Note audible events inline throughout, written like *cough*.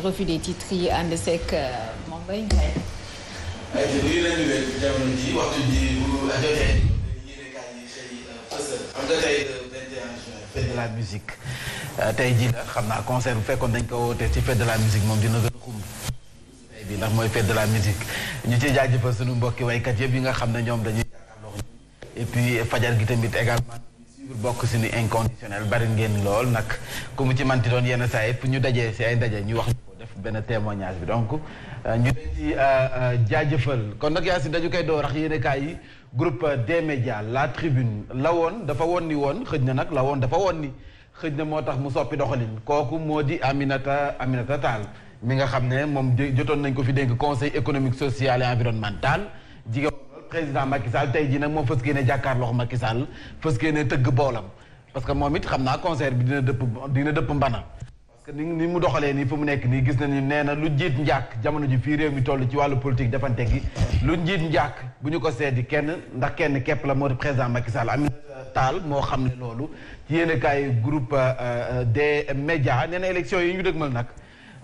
revue des titres yi ànd seeg euh, moom Mbaye Ndiaye. ay nuyu nañu leen jamono ji waxtu bu jotee yéenekaay yi xëy euh, fësal xam la musique euh, tey naa concert bu fekkoon dañ ko wootee ci fête de la musique moom dina gën a xumb. tey bi ndax mooy fête de la musique ñu ciy jaajëfal suñu mbokki waykat yëpp yi nga xam ne ñoom dañuy jàkkaarloo et puis fajar gi tamit également. bokk si ni inconditionnel bari ngeen lool nag ku mu ci manti doon yenn saa yi fu ñu dajee si ay ndaje ñu wax benn témoignage bi donc euh, ñu di euh, euh, jaajëfal kon nag yaa si dañu koy door rax yéene kaay groupe D-Média La Tribune la woon dafa woon ni woon xëj na nag la woon dafa woon ni xëj na moo tax mu soppi doxalin kooku moo di Aminata Aminata Tall mi nga xam ne moom di jotoon nañ ko fi dénk conseil économique social et environnemental jigéen président Macky tey jii nag moom fës yéene jàkkaarloo Macky Sall fës yéene tëgg boolam parce que moom it xam naa concert bi dina dëpp dina dëpp que ni ni mu doxalee nii fa mu nekk nii gis na ni neena na lu njiit njàkk jamono ji fii réew mi toll ci wàllu politique defante gi lu njiit njàkk bu ñu ko seeti kenn ndax kenn képp la moo di président Macky Sall Amin Taal moo xam ne loolu ci yéen kaay groupe euh, euh, des médias nee élection yi ñu dëgmal nag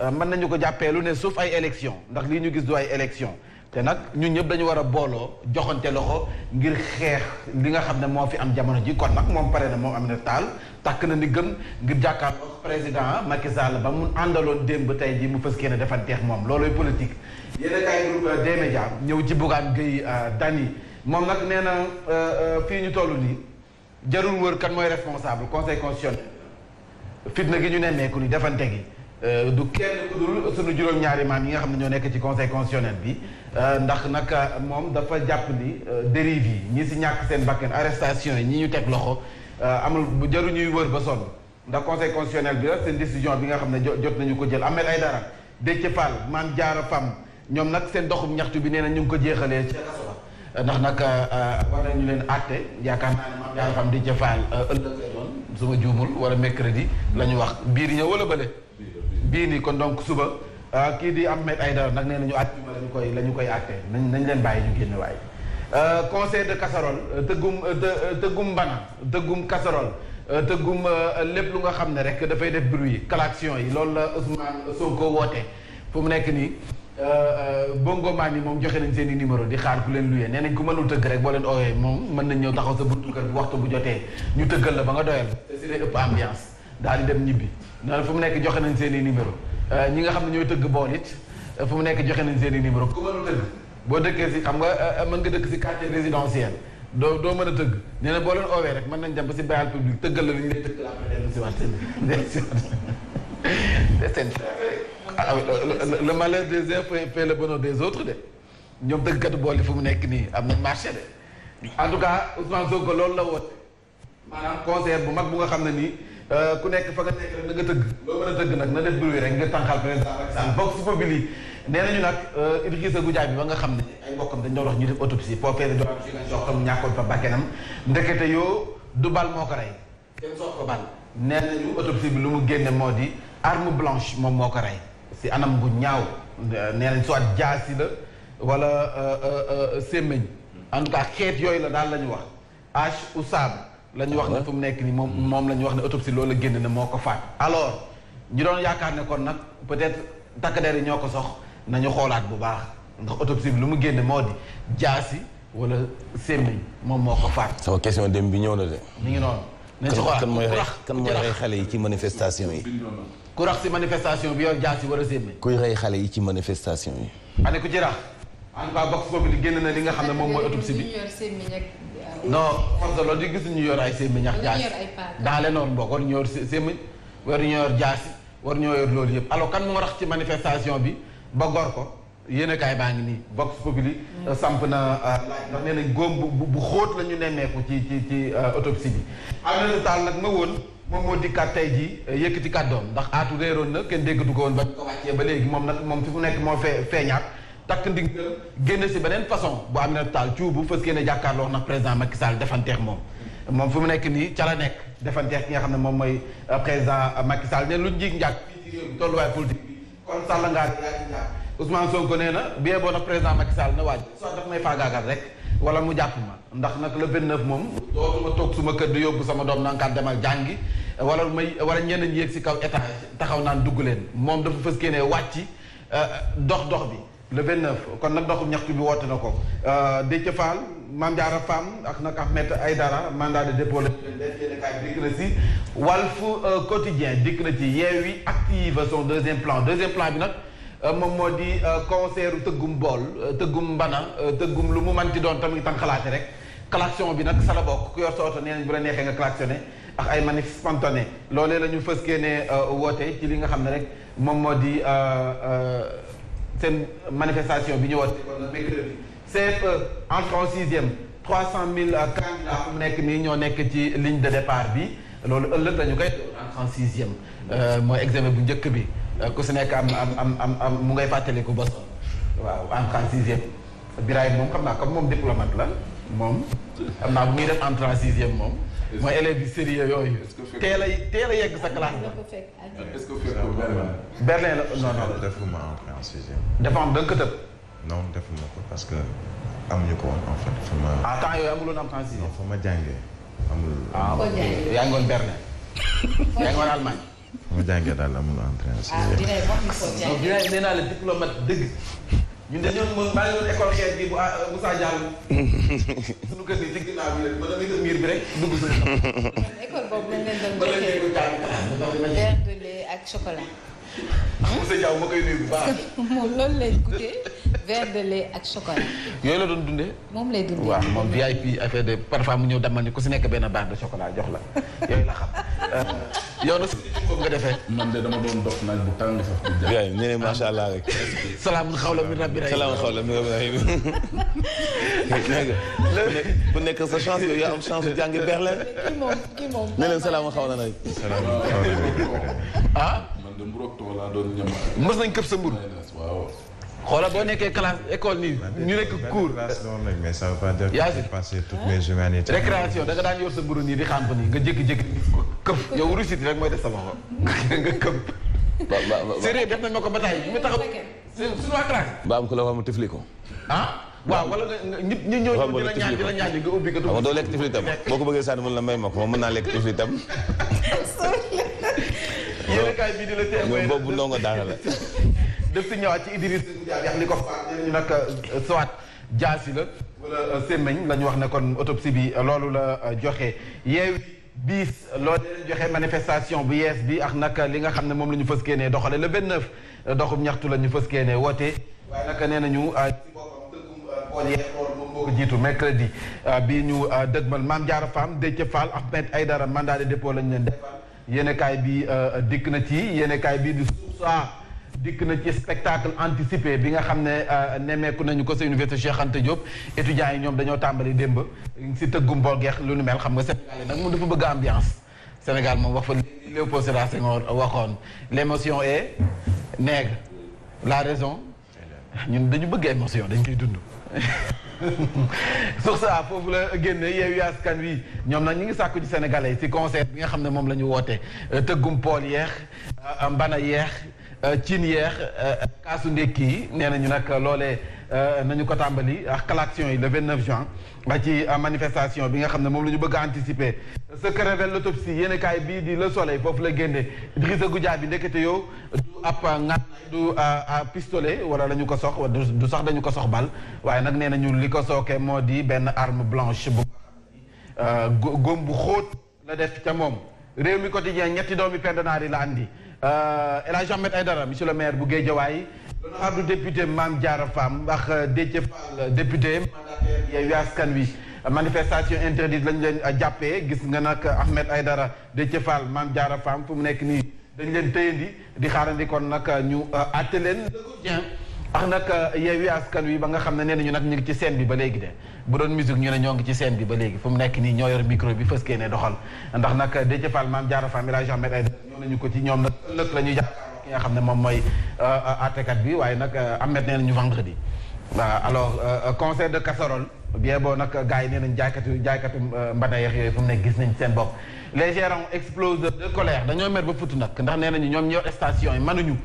euh, mën nañu ko jàppee lu ne sauf ay élection ndax lii ñu gis du ay élection te nag ñun ñëpp dañu war a booloo joxante loxo ngir xeex li nga xam ne moo fi am jamono ji kon nag moom pare na moom am na taal takk na ni gëm ngir jàkkaarloo président Macky Sall ba mu àndaloon démb tey ji mu fës kee ne defanteex moom loolooy politique. yéen a kaay groupe des médias ñëw ci Bougane dan euh, Dany moom nag nee na euh, euh, fii ñu toll nii jarul wër kan mooy responsable conseil constitutionnel fitna gi ñu nemmeeku ni defante gi. Euh, du kenn ku dul juróom-ñaari maam yi nga xam ne ñoo nekk ci conseil constitutionnel bi euh, ndax nag euh, moom dafa jàpp ni dérive yi ñi si ñàkk seen bakkan arrestation yi ñi ñu teg loxo amul bu jaruñuy wër ba sonn ndax conseil constitutionnel bi la seen décision bi nga xam ne jot nañu ko jël ay Aïdara Déthié Fall Mame Diarra Fam ñoom nag seen doxum ñaxtu bi nee na ñu ngi ko jeexalee ca ndax nag war nañu leen àtte yaakaar naa ne Mame Diarra Fam Déthié Fall ëllëg doon su la ñu wax biir ñëw wala bële bii nii kon donc suba ah, kii di Ahmed Aïdara nag nee nañu àtt ma la ñu koy la ñu koy àtte nañ nañ leen bàyyi ñu génn waaye ah, conseil de casserole tëggum tëggum mbana tëggum casserole tëggum ah, lépp lu nga xam ne rek dafay def bruit klaxon yi loolu la Ousmane Sonko wootee fu mu nekk nii bongo maan yi moom joxe nañ seen i numéro di xaar ku leen luyee nee nañ ku mënul tëgg rek boo leen oowee moom mën nañ ñëw taxaw sa buntu kër bu waxtu bu jotee ñu tëggal la ba nga doyal te si daal di dem ñibbi noonu fu mu nekk joxe nañ seen i numéro euh, ñi nga xam ne ñooy tëgg bool it euh, fu mu nekk joxe nañ seen i numéro ku mënul boo dëkkee si xam nga euh, mën nga dëkk si quartier résidentiel doo doo mën a tëgg nee na boo leen oowee rek mën nañ dem ba si bayal public tëggal la li ñu lay tëggal après *laughs* ah, ah, le malheur des uns fait le des autres de ñoom tëggkatu bool yi fu mu nekk nii am nañ marché de en tout cas Ousmane loolu la woote maanaam concert bu mag bu nga xam ne nii Euh, ku nekk fa nga nga tëgg loo nag na def bruit rek nga tànqal président Macky Sall vox populi nee nañu nag euh, Idrissa Goudiaby bi ba nga xam ne ay mbokkam dañ doon wax ñu def autopsie poopee doam si lañ soxtam ñàkkoon fa bakkanam ndekete yoo du bal moo ko rey kenn sox nee nañu autopsie bi lu mu génne moo di arme blanche moom moo ko rey si anam bu ñaaw nee nañ soit jaasi la walla euh, sémmiñ en tout cas xeet yooyu la daal la ñu wax h ou la ñu wax na ah fu mu nekk nii moom moom la ñu wax ne autopsie loolu génn ne moo ko faat alors ñu doon yaakaar ne kon nag peut-être takk der yi ñoo ko sox nañu xoolaat bu baax ndax autopsie bi lu mu génn moo di jaasi wala semmiñ moom moo ko faat. sama question dem bi ñëw na de. mi ngi noonu nañu ci xoolaat kan mooy kan mooy yi ci manifestation yi. ku rax si manifestation bi yor jaasi wala semmiñ. kuy rey xale yi ci manifestation yi. ane ku ci en tout cas box génn na li nga xam ne moom mooy autopsie bi non force de gisuñu yor ay sémmiñ ak jaasi daale noonu boog war ñu yor sémmiñ war ñu war ñoo loolu yëpp alors kan moo rax ci manifestation bi ba ko yéen baa ngi nii vox populi mm. samp na euh, ndax nee nañ góom bu bu xóot la ñu nemmeeku ci ci ci euh, autopsie bi nag ma woon moom moo dikkaat tey jii euh, yëkkati kàddoom ndax aatu réeroon na kenn déggatu ko woon ba ñu ko wàccee ba léegi moom nag moom fi mu nekk moo fee feeñaat takk ndigal génn si beneen façon bu na taal Thioub bu fës génne jàkkaarloo nag président Macky Sall defanteex moom moom fu mu nekk nii ca la nekk defanteex ki nga xam ne moom mooy euh, président euh, Macky Sall ne lu njiig njàkk fii ci réew mi tolluwaay politique bi kon Sall ngaa njàkk Ousmane Sonko nee na bien bon nag président Macky Sall na waaj soit daf may faagaagal rek wala mu jàpp ma ndax nag le 29 moom dootuma toog suma kër di yóbbu sama doom nankaat demal jàngi wala may wala ñenn ñi si kaw état taxaw naan dugg leen moom dafa fës génne wàcc euh, dox dox bi le 29 kon nag doxum ñaxtu bi woote na ko euh, Déthié Fall Mame Diarra Fam ak nag ay dara mandat de dépôt la yéenekaay dikk na ci Walf euh, Quotidien dikk na ci Yewwi active son deuxième plan deuxième plan bi nag euh, moom moo di concert tëggum bool tëggum mbana tëggum lu mu manti doon tamit tan xalaate rek klaxon bi nag sa la bokk ku yor sa oto nee nañ bu la neexee nga klaxonné ak ay manif spontané loolee la ñu fëskee ne woote ci li nga xam ne rek moom moo di seen manifestation bi ñu woote kon mercredi CFE entrée en sixième trois cent mille euh, candidats mu nekk nii ñoo nekk ci ligne de départ bi loolu ëllëg dañu koy entrée en sixième euh, mooy examen bu njëkk bi euh, ku si nekk am am am am mu ngay ku bos waaw entrée en sixième Biraye moom xam naa comme moom diplomate la moom xam naa bu muy def entrée en sixième moom mooy élèves yi sérieux yooyu. teel a teel a yegg sa classe la. est-ce que fekk Berlin. Berlin la non non. defuma entrée en sixième. dafa am da nga ko tëb. non defuma ko parce que amuñu ko woon en fait fu ma. ah temps yooyu amuloon entrée en sixième. non fu ma jàngee amul. ah yaa ngi woon Berlin. *laughs* yaa ngi woon Allemagne. fu ma jàngee daal amul entrée en sixième. ah dinay wax ni ko jàngee. dinaa la diplomate dëgg. ñun de ñoom moom bàyyi woon école xeet bi bu ah, euh, Moussa Diallo. *laughs* suñu kër gi teg naa bi rek ba damay gën miir bi rek dugg sa école boobu lañ leen doon. ba la ñu ak chocolat. Moussa *laughs* moom loolu lay goûter verre de ak chocolat. yooyu la doon dundee. moom lay dundee waaw moom VIP affaire de parfois mu ñëw damal ni ku si nekk benn barre de chocolat jox la yooyu la xam. Euh, yow nag ko nga defee. man de dama doon dox naaj bu tàng sax. jaay ñu ne macha allah rek. salaamun xawlan min rabbin rahiim. salaamun xawlan min rabbin rahiim. bu nekk sa chance yow yaa am chance jàngi Berlin. kii moom kii moom. ne mës nañ këpp sa mburu xoola boo nekkee classe école nii ñu nekk cours. mais ça veut pas dire que j'ai passé toutes mes nga daan yor sa mburu nii di xam ko nii nga jékki-jékki këpp yow réussite rek mooy def sama xol *laughs* nga këpp. ba ba ba sérieux def nañ ma ko ba taay bi mu taxaw. suñu waa classe. ba am ko la waxam tifli ko. ah waaw wala nga nit ñi ñoo ñëw di la ñaan di la ñaan nga ubbi ko. doo lekk tifli tam boo ko bëggee sànni mën la may ma ko moom mën naa lekk tifli tam. *laughs* yéen kaay bi boobu ndongo daara la. *laughs* ko nag euh, soit jaasi la euh, la ñu wax ne kon autopsie bi euh, loolu la joxe yeewi biis loolu leen joxe manifestation bu yees bi ak nag li nga xam ne moom la ñu fës keenee doxale le 29 doxub ñaxtu la ñu fës keenee woote waaye nag nee nañu ci boppam tëggum pool yeex loolu moom moo ko jiitu mercredi bi ñu dëgmal Mame Diarra Fam Déthié Fall Ahmed Aïdara mandat de dépôt lañu leen defal yéenekaay bi euh, dikk na ci yéenekaay bi di suuf dikk na ci spectacle anticipé bi nga xam ne euh, nemmeeku nañu ko sa université Cheikh Anta Diop étudiants yi ñoom dañoo tàmbali démb si tëggum mbogeex lu nu mel xam nga Sénégal nag moom dafa bëgg ambiance Sénégal moom wax fa Léopold Sédar Senghor waxoon l'émotion est nègre la raison ñun dañu bëgg émotion dañ koy dund soxna *laughs* foofu la génne yeewu askan wi ñoom nag ñu ngi sàkku ci sénégalais ci concert bi nga xam ne moom la ñu woote euh, tëggum pool yeex euh, mbana yeex euh, cin yeex kaasu ndékki yi nee nañu nag loolee nañu ko tàmbali ak klaxon yi le 29 juin ci manifestation bi nga xam ne moom la ñu bëgg a anticiper ce que révèle l'autopsie yéen a kaay bii di la soleil foofu la génne Idrissa Goudiaby bi ndekete yow ab ngan du à pistolet wala lañu ko sox du sax dañu ko sox bal waaye nag nee ñu li ko sookee moo di benn arme blanche bu góom bu xóot la def ca moom réew mi quotidien ñetti doomi pendanaar yi la andi El Hadj Ahmed Aïdara monsieur le maire bu Guédiawaye honorable député Mame Diarra Fam wax euh, Déthié Fall euh, député mandataire Yewwi Askan Wi manifestation interdite lañ leen euh, jàppee gis nga nag Ahmed dara Déthié Fall Mame Diarra Fam fu mu nekk nii dañ leen tëyandi di xaarandi kon nag euh, ñu euh, àtte leen. ax nag euh, yeewi askan wi ba nga xam ne nee ñu nag ñu ngi ci seen bi ba léegi de bu doon musique ñu ne ñoo ngi ci seen bi ba léegi fu mu nekk nii ñoo yor micro bi fëskee ne doxal ndax nag Déthié Fall Mame Diarra Fam El Hadj Ahmed Aïdara ñoo ko ci ñoom nag ëllëg la ñuy jàkkaarloo ki nga xam ne moom mooy àttekat bi waaye nag Ahmed ñu nañu vendredi waaw alors concert de casserole bien bon nag gars yi nee nañ jaaykatu jaaykatu mbana yeex yooyu fu mu nekk gis nañ seen bopp les gérants explosent de collège dañoo mer ba futt nag ndax nee nañu ñoom ñoo station yi mënuñu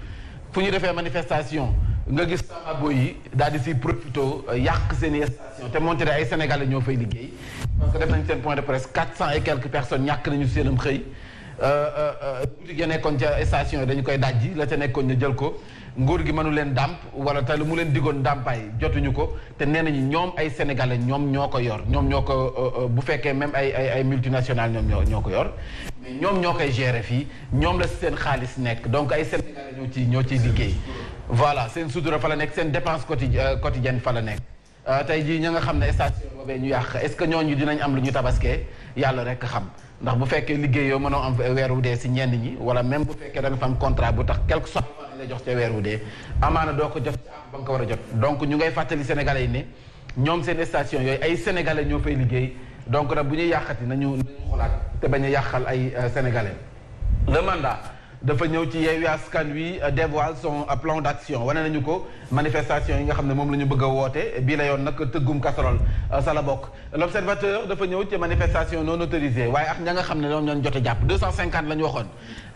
fu ñu defee manifestation nga gis samabo yi daal di si profité euh, yàq seen station te moonte de ay sénégalais ñoo fay liggéey parce que def nañ seen point de presse quatre cent et quelques personnes ñàkk nañu seenam xëy tuuti euh, euh, ya nekkoon ca station yi dañu koy dajji la ca nekkoon ñu jël ko nguur gi mënu leen dàmp wala te mu leen digoon dàmpaay jotuñu ko te nee nañu ñoom ay sénégalais ñoom ñoo ko yor ñoom ñoo ko euh, euh, bu fekkee même ay ay ay multinationales ñoom ñoo ñoo ko yor ñoom ñoo koy gérer fii ñoom la seen xaalis nekk donc ay sénégalais ñoo ci ñoo ciy liggéey voilà seen sutura fa la nekk seen dépense euh, quotidienne fa la nekk tey jii ña nga xam ne station boobee ñu yàq est-ce que ñooñu dinañ am lu ñu tabaskee yàlla rek xam ndax bu fekkee liggéey yoo mënoo am weer wu dee si ñenn ñi wala même bu fekkee da nga fa am contrat bu tax quelque soit lañ la jox ca weer wu dee amaana doo ko jot ba nga ko war a jot donc ñu ngay fàttali sénégalais yi ne ñoom seen station yooyu ay sénégalais ñoo fay liggéey donc nag bu ñuy yàqati nañu nañu xoolaat te bañ a yàqal ay euh, sénégalais le mandat dafa ñëw ci Yewwi Askan Wi euh, dévoile son euh, plan d'action wane nañu ko manifestation yi nga xam ne moom la ñu bëgg a woote bii la yoon nag tëggum casserole euh, sa la bokk l'observateur dafa ñëw ci manifestation noon autorisée waaye ak ña nga xam ne ñoom ñoon jote jàpp 250 la ñu waxoon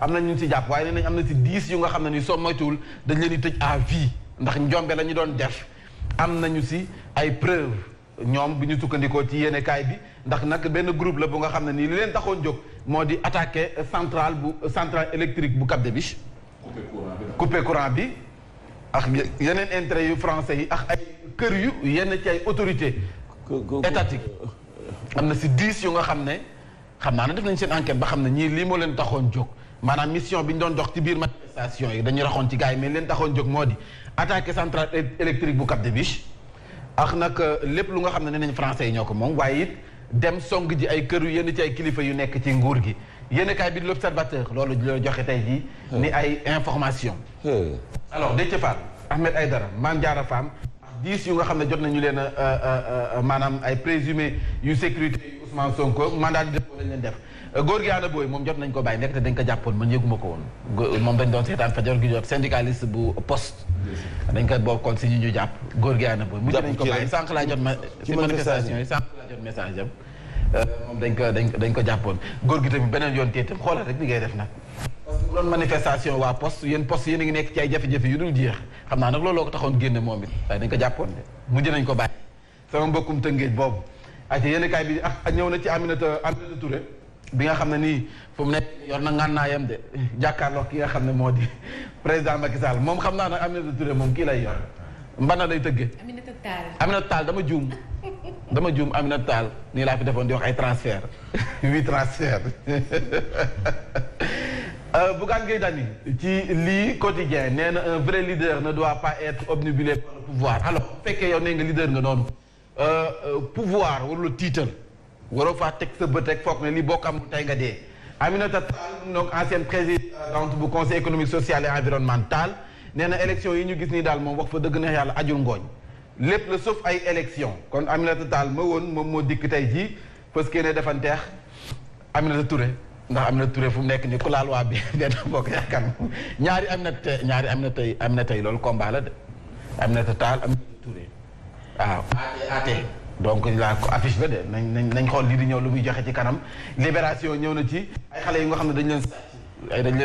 am na ñu ci jàpp waaye nee nañ am na ci 10 yu nga xam ne ni soo moytuwul dañ leen di tëj à ndax njombe la ñu doon def am nañu ci ay preuve ñoom bu ñu sukkandikoo ci yéenekaay bi ndax nag benn groupe bu nga xam ne nii li leen taxoon jóg moo di attaqué centrale bu centrale électrique bu Cap des Biches. coupé courant bi ak yeneen intérêt yu français yi ak ay kër yu yenn ci ay autorités. étatique am na si dix yu nga xam ne xam naa ni def nañ seen enquête ba xam ne ñii lii moo leen taxoon jóg maanaam mission bi ñu doon dox ci biir manifestation yi dañuy raxoon ci gars yi mais leen taxoon jóg moo di attaqué centrale électrique bu Cap des Biches ak nag euh, lépp lu nga xam ne nee nañ français yi ñoo ko moom waaye dem song ji ay këru yenn ci ay kilifa yu nekk ci nguur gi yenn kaay bi di l'observateur loolu la joxe tey jii. ni ay information alors Déthié Fall Ahmed Aïdara Mame Diarra Fam dix yu nga xam ne jot nañu leen a maanaam ay présumé yu sécurité yu Ousmane Sonko mandat de dépôt lañ def góor gi ànd booy moom jot nañ ko bàyyi nekk te dañ ko jàppoon man yëguma ko woon moom dañ doon seetaan fajar gi jot syndicaliste bu poste dañ ko bokkoon si ñu ñu jàpp góor gi ànd booy mujj nañ ko sànq laa jot ma si message am euh, moom dañ ko dañ ko dañ ko jàppoon góor gi tamit beneen yoon tey itam xoolal rek li ngay def na parce que manifestation waa post yéen post yéen a ngi nekk ci ay jafe-jafe yu dul jeex xam naa nag looloo ko taxoon génne moom it waaye dañ ko jàppoon de mujj nañ ko bàyyi. sama mbokkum tëngéej boobu ak yéen kaay bi ah ñëw na ci Aminata Aminata Touré bi nga xam ne nii fu mu nekk yor na ngànnaayam de jàkkaarloo ki nga xam ne moo di *laughs* président Macky saal moom xam naa nag Aminata Touré moom kii lay yor mbana lay tëggee. Aminata Tall Aminata Tall dama dama juum Aminata Tall nii laa fi defoon di wax ay transfert huit transfert *laughs* euh, Bougane Gueye Dany ci lii quotidien nee na un vrai leader ne doit pas être obnubilé par pouvoir alors fekkee yow nee nga leader nga noonu euh, euh, pouvoir warula tiital waroo faa teg sa bët rek foog ne li bokk amul tey nga dee a Tall donc ancienne présidente bu conseil économique social et environnemental nee na élection yi ñu gis nii daal moom wax fa dëgg neex yàlla ajul ngooñ lépp la sauf ay élection kon Aminata Tall ma woon moom moo dikk tey jii parce que ne defanteex Aminata Touré ndax Aminata Touré fu mu nekk ni ku laal waa bi *laughs* benn bokk yaakaar ñaari Aminata ñaari Aminata tey Aminata tey loolu combat la de Aminata Tall Aminata Touré waaw ate donc laa ko affiche la de nañ nañ nañ xool lii di ñëw lu muy joxe ci kanam libération ñëw na ci ay xale yi nga xam ne dañ leen sàcc ay dañ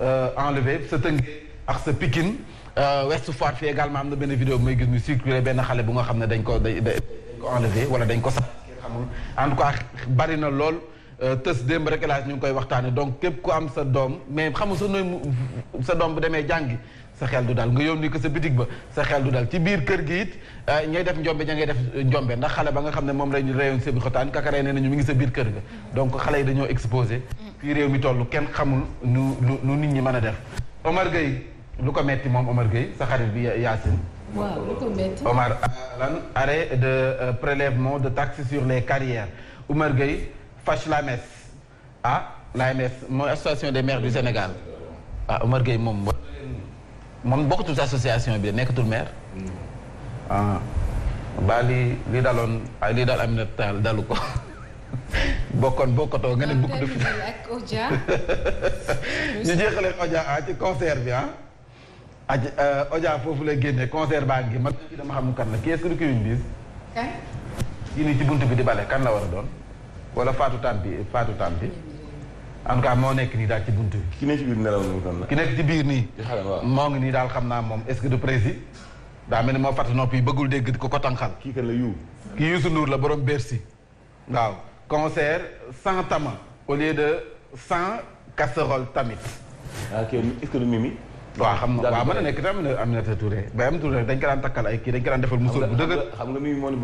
euh, sa tëngee ak sa pikin Ouest euh, Foire fi également am na benn vidéo bu may gis muy circulé benn xale bu nga xam ne dañ ko dañ ko wala dañ ko sax xamul en tout cas bari na lool euh, tës démb rek laaj ñu ngi koy waxtaane donc képp ku am sa doom mais xamul sa nooy sa doom bu demee jàngi sa xel du dal nga yónni ko sa bitig ba sa xel du dal ci biir kër gi it euh, ñay def njombe ña ngay def njombe ndax xale ba nga xam ne moom lañu réewoon sebi xotaan kaka rey ne nañu mu ngi sa biir kër ga donc xale yi dañoo exposé mm. réew mi toll kenn xamul nu nu nit ñi mën a def lu ko metti moom Omar Gueye sa bi Yacine. waaw de euh, prélèvement de taxes sur les carrières Omar Gueye fâche l'AMS ah l'AMS mooy association des maires du Sénégal ah Omar Gueye moom. moom bokkatul association bi nekkatul maire. ah li daloon li dal am na taal dalu ko. *laughs* bokkoon bokkatoo nga ne bukk du fi. *laughs* ñu jeexalee Oja ah ci concert bi ah. aja euh, Oja foofu la génne concert baa ngi ma dama xam kan la kii est-ce du kii yuñ bis. nii ci bunt bi di bale kan la war a doon wala Fatou Tampi Fatou Tampi en tout cas moo nekk nii daal ci bunt bi. ki nekk ci biir ci biir nii. moo ngi nii daal xam naa moom est-ce que du précis. daa mel ni moo fàttali nopp yi bëggul dégg di ko ko tànqal. kii kan la yu. kii Youssou Ndour la borom Bercy. waaw concert sans tama au lieu de sans casserole tamit. ah kii est du mimi. waaw xam nga waaw mën na nekk itam Aminata Touré Bayam Touré dañ ko daan takkal ay kii dañ ko daan defal musóor bu moo ne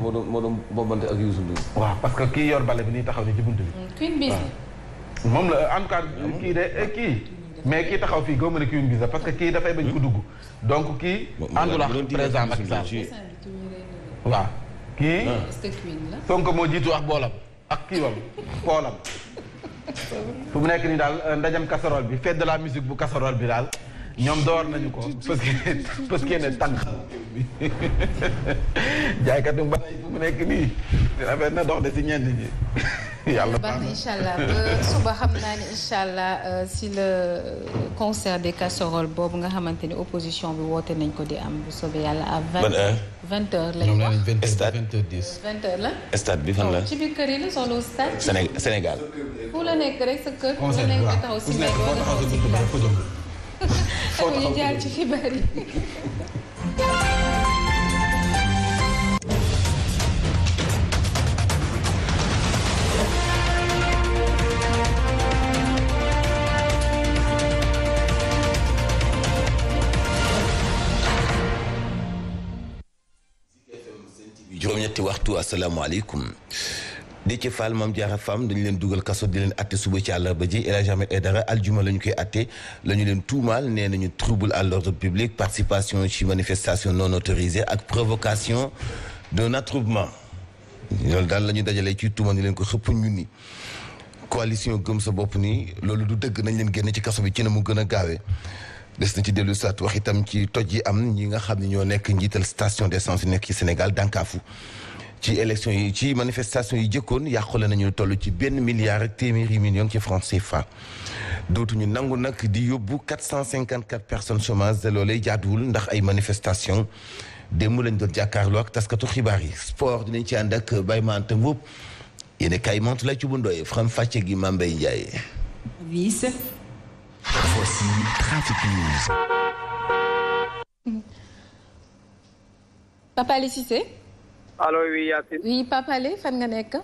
bool moo bombante ak Youssou Ndour waaw parce que kii yor bale bi nii taxaw ni ci bunt bi Queen moom la en kii de kii mais kii taxaw fii goo mën a Queen Biz parce que kii dafay bañ ko donc kii àndul ak président Macky waaw kii Sonko moo jiitu ak boolam ak kiiwam poolam fu mu nekk nii daal euh, ndajam casserole bi fête de la musique bu casserole bi daal ñoom door nañu ko parce que parce que ne tànk *laughs* jaaykatu mbaa fu mu nekk nii affaire na dox de si ñenn ñi. *laughs* *laughs* yàlla baax na incha allah suba xam naa ni incha euh, si le euh, concert de casseroles boobu nga xamante ni opposition bi woote nañ ko di am bu soobee yàlla à vingt heures vingt heures lañ wax vingt heures dix vingt heures la stade bi fan la oh, ci sa kër yi la soxla stade Sénégal fu la nekk rek sa kër fu la nekk a taxaw si mbay boo taxaw si buntu ba ko jëm ñu jaar ci xibaar yi *laughs* juróom-ñetti waxtu asalaamaaleykum Déthié Fall Mame Diarra Fam dañu leen dugal kaso di leen atte suba ci àllarba ji El a Ahmed Aidara aljuma la ñu koy atte la ñu leen tuumaal nee nañu trouble à l'ordre public participation ci manifestation non autorisée ak provocation d'un attroupement loolu daal lañu ñu dajalee ci tuuma ni leen ko xëpp ñu ni coalition gëm sa bopp nii loolu du dëgg nañ leen génn ci kaso bi ci na mu gën a gaawee des na ci dellu saat wax itam ci toj yi am ñi nga xam ne ñoo nekk njiital station d'essence yi nekk ci Sénégal dànkaafu ci élection yi ci manifestation yi jëkkoon yàqule nañu toll ci benn milliard ak téeméeri million ci franc dootu ñu nangu nag di yóbbu quatre cent cinquante quatre personnes chômage de loolee jaaduwul ndax ay manifestation démb lañ doon jàkkaarloo ak taskatu xibaar yi sport dinañ ci ànd ak Baye Mante Mboup yéen a kaay mante la ci bu ndoye faram fàcce gi Mambay Ndiaye Voici Trafic News. Papa Alé Cissé. allo oui Yacine. oui Papa Alé fan nga nekk.